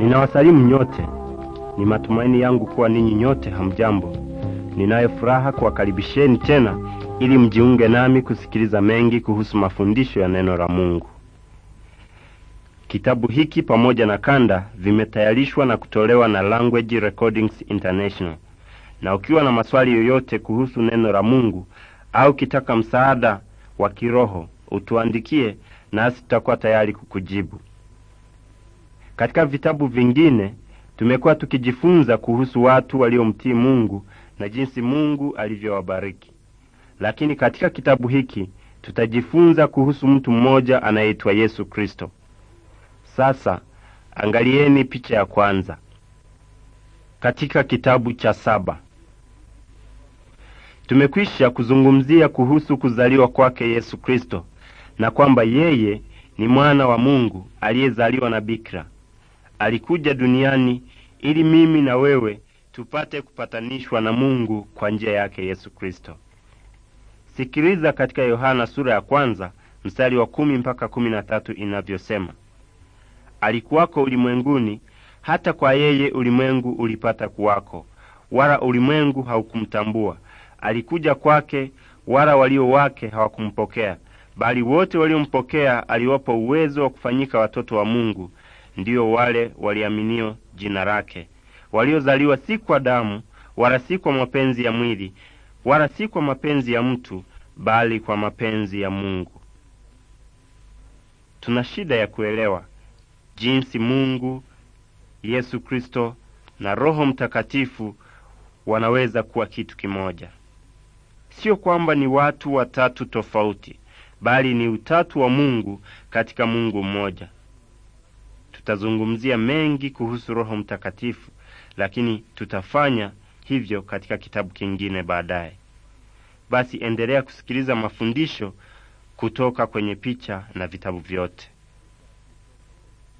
Ninawasalimu nyote. Ni matumaini yangu kuwa ninyi nyote hamjambo. Ninayo furaha kuwakaribisheni tena ili mjiunge nami kusikiliza mengi kuhusu mafundisho ya neno la Mungu. Kitabu hiki pamoja na kanda vimetayarishwa na kutolewa na Language Recordings International. Na ukiwa na maswali yoyote kuhusu neno la Mungu au kitaka msaada wa kiroho, utuandikie nasi tutakuwa tayari kukujibu. Katika vitabu vingine tumekuwa tukijifunza kuhusu watu waliomtii Mungu na jinsi Mungu alivyowabariki, lakini katika kitabu hiki tutajifunza kuhusu mtu mmoja anayeitwa Yesu Kristo. Sasa angalieni picha ya kwanza katika kitabu cha saba. Tumekwisha kuzungumzia kuhusu kuzaliwa kwake Yesu Kristo na kwamba yeye ni mwana wa Mungu aliyezaliwa na bikira alikuja duniani ili mimi na wewe tupate kupatanishwa na Mungu kwa njia yake Yesu Kristo. Sikiliza katika Yohana sura ya kwanza mstari wa kumi mpaka kumi na tatu inavyosema, alikuwako ulimwenguni, hata kwa yeye ulimwengu ulipata kuwako, wala ulimwengu haukumtambua. Alikuja kwake, wala walio wake hawakumpokea, bali wote waliompokea aliwapa uwezo wa kufanyika watoto wa Mungu ndiyo wale waliaminio jina lake, waliozaliwa si kwa damu, wala si kwa mapenzi ya mwili, wala si kwa mapenzi ya mtu, bali kwa mapenzi ya Mungu. Tuna shida ya kuelewa jinsi Mungu, Yesu Kristo na Roho Mtakatifu wanaweza kuwa kitu kimoja. Sio kwamba ni watu watatu tofauti, bali ni utatu wa Mungu katika Mungu mmoja. Tutazungumzia mengi kuhusu Roho Mtakatifu, lakini tutafanya hivyo katika kitabu kingine baadaye. Basi endelea kusikiliza mafundisho kutoka kwenye picha na vitabu vyote.